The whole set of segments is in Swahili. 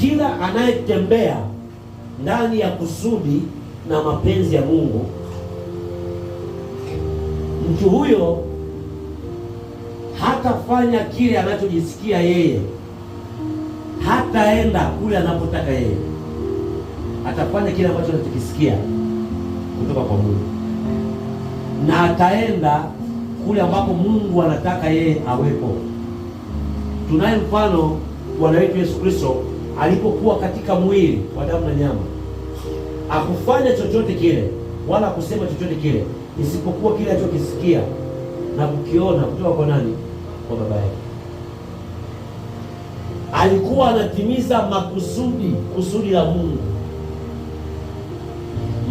Kila anayetembea ndani ya kusudi na mapenzi ya Mungu, mtu huyo hatafanya kile anachojisikia yeye, hataenda kule anapotaka yeye, atafanya kile ambacho anachokisikia kutoka kwa Mungu na ataenda kule ambapo Mungu anataka yeye awepo. Tunaye mfano Bwana wetu Yesu Kristo alipokuwa katika mwili wa damu na nyama, akufanya chochote kile wala kusema chochote kile isipokuwa kile alichokisikia na kukiona kutoka kwa nani? Kwa baba yake. Alikuwa anatimiza makusudi, kusudi la Mungu.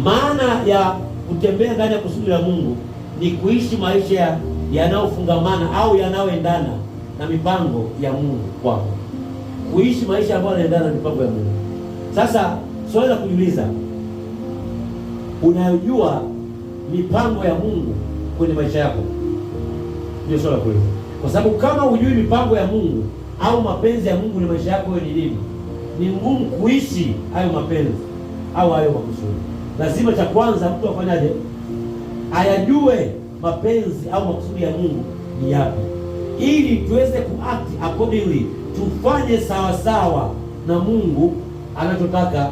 Maana ya kutembea ndani ya kusudi la Mungu ni kuishi maisha yanayofungamana au yanayoendana na mipango ya Mungu kwako kuishi maisha ambayo yanaendana na mipango ya Mungu. Sasa swali la kujiuliza, unayojua mipango ya Mungu kwenye maisha yako? Ndio swali la kuuliza, kwa sababu kama hujui mipango ya Mungu au mapenzi ya Mungu kwenye maisha yako, hiyo ni nini? Ni ngumu kuishi hayo mapenzi au hayo makusudi. Lazima cha kwanza mtu afanyaje? Ayajue mapenzi au makusudi ya Mungu ni yapi, ili tuweze kuact accordingly tufanye sawa sawa na Mungu anachotaka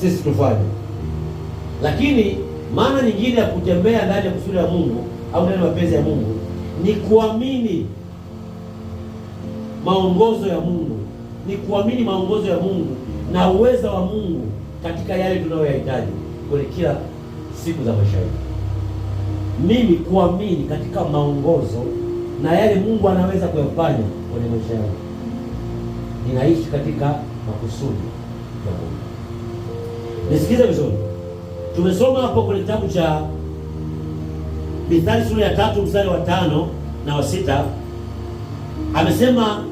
sisi tufanye. Lakini maana nyingine ya kutembea ndani ya kusudi la Mungu au ndani ya mapenzi ya Mungu ni kuamini maongozo ya Mungu, ni kuamini maongozo ya Mungu na uweza wa Mungu katika yale tunayoyahitaji kwenye kila siku za maisha yetu. Mimi kuamini katika maongozo na yale Mungu anaweza kuyafanya kwenye maisha yangu ninaishi katika makusudi ya Mungu. Nisikize vizuri, tumesoma hapo kwenye kitabu cha Mithali sura ya tatu mstari wa tano na wa sita amesema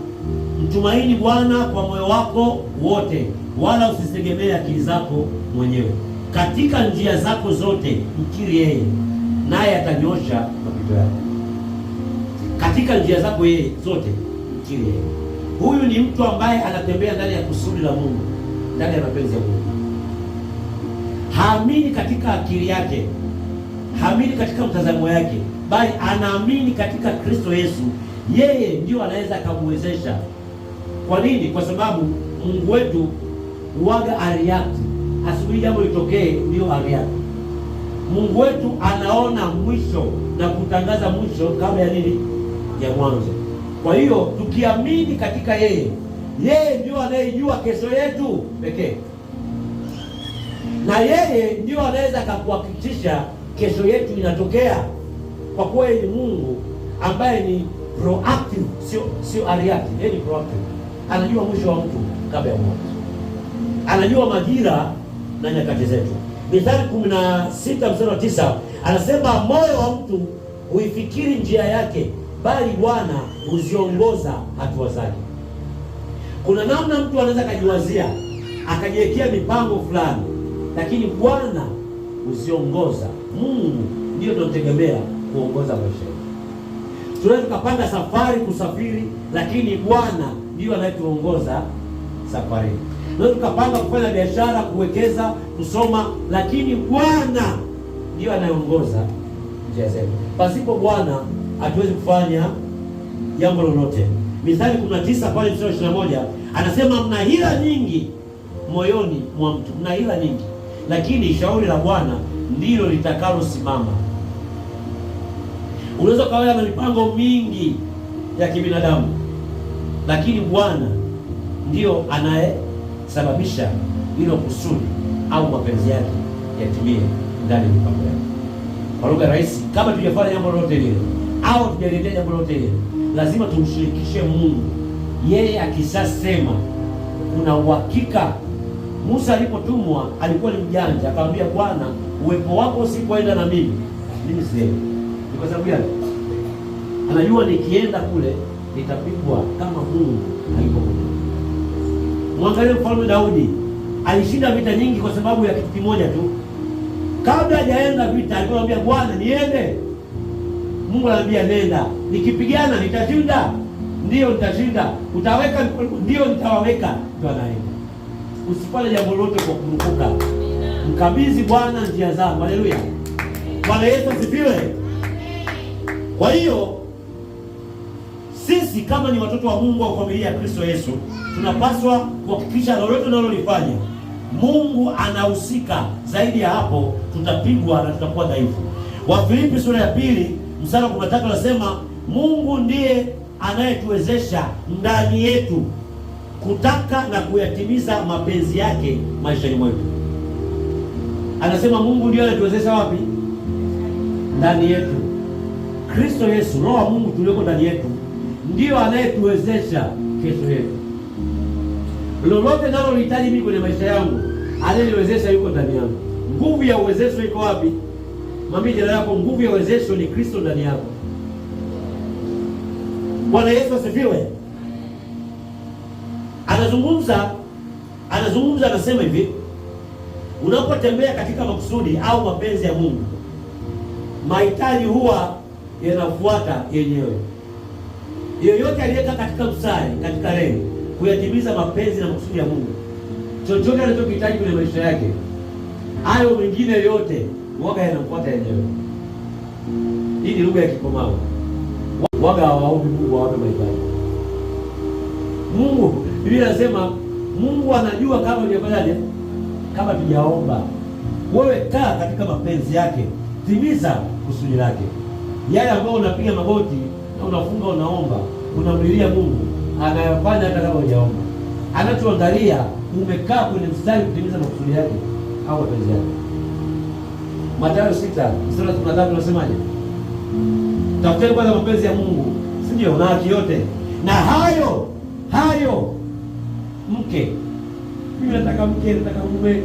mtumaini Bwana kwa moyo wako wote, wala usizitegemee akili zako mwenyewe. Katika njia zako zote mkiri yeye, naye atanyosha mapito yako. Katika njia zako yeye zote mkiri yeye Huyu ni mtu ambaye anatembea ndani ya kusudi la Mungu, ndani ya mapenzi ya Mungu. Haamini katika akili yake, haamini katika mtazamo yake, bali anaamini katika Kristo Yesu. Yeye ndio anaweza akamwezesha. Kwa nini? Kwa sababu Mungu wetu huaga ariati, asubuhi jambo litokee, ndiyo ariati. Mungu wetu anaona mwisho na kutangaza mwisho kabla ya nini, ya mwanzo. Kwa hiyo tukiamini katika yeye, yeye ndio anayejua kesho yetu pekee, na yeye ndio anaweza akakuhakikisha kesho yetu inatokea, kwa kuwa ni Mungu ambaye ni proactive, sio sio ariati. Yeye ni proactive, anajua mwisho wa mtu kabla ya mwanzo, anajua majira na nyakati zetu. Mithali 16 mstari wa 9 anasema moyo wa mtu huifikiri njia yake bali Bwana huziongoza hatua zake. Kuna namna mtu anaweza akajiwazia akajiwekea mipango fulani, lakini Bwana huziongoza. Mungu ndiyo tunamtegemea kuongoza maisha yetu. Tunaweza tukapanda safari kusafiri, lakini Bwana ndiyo anayetuongoza safari. Tunaweza tukapanga kufanya biashara, kuwekeza, kusoma, lakini Bwana ndiyo anayeongoza njia zetu. Pasipo Bwana hatuwezi kufanya jambo lolote. Mithali 19 pale mstari wa 21 anasema mna hila nyingi moyoni mwa mtu, mna hila nyingi, lakini shauri la Bwana ndilo litakalosimama. Unaweza ukawa na mipango mingi ya kibinadamu, lakini Bwana ndiyo anayesababisha hilo kusudi au mapenzi yake yatimie ndani ya mipango yake. Kwa lugha rahisi, kama tujafanya jambo lolote lile au tujaliendea jambo lote hili, lazima tumshirikishe Mungu. Yeye akishasema kuna uhakika. Musa alipotumwa alikuwa ni mjanja, akamwambia Bwana, uwepo wako usipoenda na mimi mimi siendi. Ni kwa sababu gani? Anajua nikienda kule nitapigwa kama Mungu alipo. Mwangalie mfalme Daudi alishinda vita nyingi kwa sababu ya kitu kimoja tu. Kabla hajaenda vita alikuwa anamwambia Bwana, niende Mungu anambia nenda, nikipigana nitashinda, ndio nitashinda, utaweka ndio nitawaweka. Ndio anaenda. Usifanye jambo lote kwa kurupuka, mkabidhi Bwana njia zangu. Haleluya, Bwana Yesu asifiwe. Kwa hiyo sisi kama ni watoto wa Mungu wa familia ya Kristo Yesu tunapaswa kuhakikisha lolote tunalolifanya Mungu anahusika. Zaidi ya hapo tutapigwa na tutakuwa dhaifu. Wafilipi sura ya pili mstari wa kumi na tatu anasema Mungu ndiye anayetuwezesha ndani yetu kutaka na kuyatimiza mapenzi yake maishani mwetu. Anasema Mungu ndiye anatuwezesha wapi? Ndani yetu. Kristo Yesu, Roho wa Mungu tulioko ndani yetu, ndiyo anayetuwezesha kesho yetu. Lolote nalo lihitaji mimi kwenye maisha yangu, anayeniwezesha yuko ndani yangu. Nguvu ya uwezesho iko wapi? Mwambie jirani yako, nguvu ya wezesho ni Kristo ndani yako. Bwana Yesu asifiwe. Anazungumza, anazungumza, anasema hivi, unapotembea katika makusudi au mapenzi ya Mungu, mahitaji huwa yanafuata yenyewe. yoyote aliyekaa katika mstari, katika reli kuyatimiza mapenzi na makusudi ya Mungu, chochote anachokihitaji kwenye maisha yake, hayo mengine yote Waga yanafuata yenyewe. Hii ni lugha ya Kikomao. Waga hawaombi Mungu awape mahitaji. Mungu, Biblia anasema Mungu anajua kama hujafanyaje, kama tujaomba. Wewe kaa katika mapenzi yake, timiza kusudi lake. Yale ambayo unapiga magoti na unafunga, unaomba, unamlilia Mungu, anayafanya hata kama hujaomba. Anachoangalia umekaa kwenye mstari kutimiza makusudi yake au mapenzi yake. Mathayo sita mstari wa tatu unasemaje? Tafuteni kwanza mapenzi ya Mungu, si ndio? Na haki yote na hayo hayo. Mke, mimi nataka mke, nataka mume,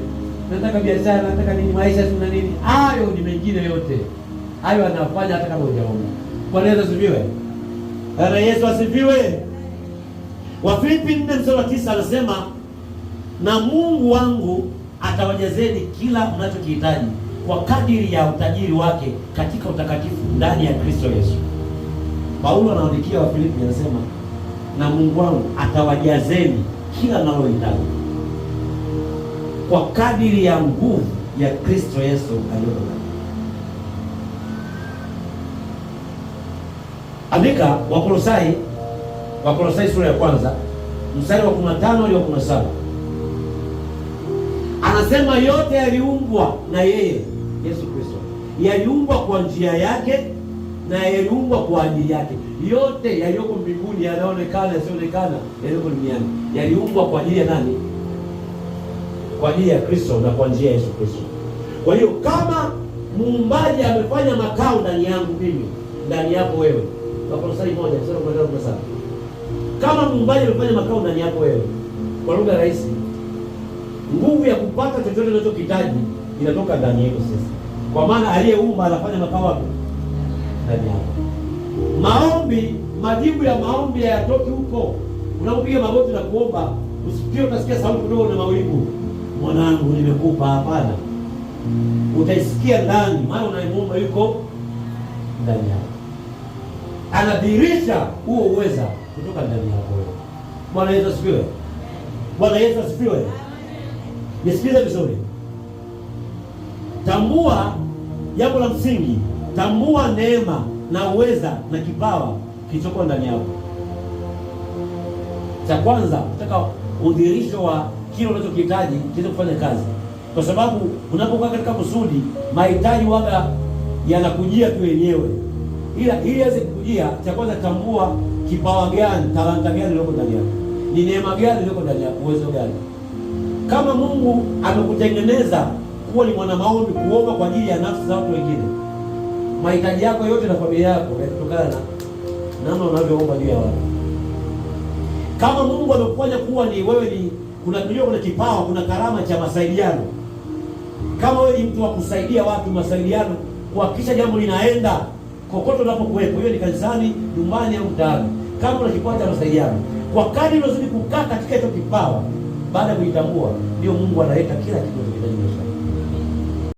nataka biashara, nataka nini, maisha tuna nini, hayo ni mengine yote hayo anafanya hata kama hujaomba. Bwana Yesu asifiwe. Bwana Yesu asifiwe. Wafilipi nne mstari wa tisa anasema na Mungu wangu atawajazeni kila mnachokihitaji kwa kadiri ya utajiri wake katika utakatifu ndani ya Kristo Yesu. Paulo anaandikia Wafilipi anasema, na Mungu wangu atawajazeni kila mnalohitaji kwa kadiri ya nguvu ya Kristo Yesu aliyonayo. Andika Wakolosai, Wakolosai sura ya kwanza mstari wa 15 hadi wa 17, anasema yote yaliumbwa na yeye Yesu Kristo yaliumbwa kwa njia yake na yaliumbwa kwa ajili yake. Yote yaliyoko mbinguni, yanaonekana, yasionekana, yaliyoko duniani yaliumbwa kwa ajili ya nani? Kwa ajili ya Kristo na kwa njia ya Yesu Kristo. Kwa hiyo kama muumbaji amefanya makao ndani yangu mimi, ndani yako wewe, Wakolosai moja sana. Kama muumbaji amefanya makao ndani yako wewe, kwa lugha rahisi, nguvu ya kupata chochote unachokitaji inatoka ndani yetu sisi, kwa maana aliyeumba anafanya makao wapi? Ndani yako. Maombi, majibu ya maombi hayatoki huko. Unapopiga magoti na kuomba, usikie utasikia sauti kidogo na mawingu, mwanangu, nimekupa. Hapana, utaisikia ndani, maana unayemwomba yuko ndani yako, anadhihirisha huo uweza kutoka ndani yako. Bwana Yesu asifiwe. Bwana Yesu asifiwe. Nisikize vizuri. Tambua jambo la msingi, tambua neema na uweza na kipawa kilichokuwa ndani yako. Cha kwanza, nataka udhihirisho wa kile unachokihitaji kiweze kufanya kazi, kwa sababu unapokuwa katika kusudi, mahitaji waga yanakujia tu yenyewe, ila ili aweze kukujia, cha kwanza tambua kipawa gani, talanta gani iliyoko ndani yako, ni neema gani iliyoko ndani yako, uwezo gani? Kama Mungu amekutengeneza kuwa ni mwana maombi, kuomba kwa ajili ya nafsi za watu wengine. Mahitaji yako yote na familia yako yanatokana na namna unavyoomba juu ya watu. Kama Mungu amekufanya kuwa ni wewe ni kuna kujua, kuna kipawa, kuna karama cha masaidiano. Kama wewe ni mtu wa kusaidia watu, masaidiano, kuhakikisha jambo linaenda kokoto unapokuwepo, hiyo ni kanisani, nyumbani au mtaani. Kama una kipawa cha masaidiano, kwa kadri unazidi kukaa katika hicho kipawa, baada ya kujitambua, ndio Mungu analeta kila kitu kinachohitaji.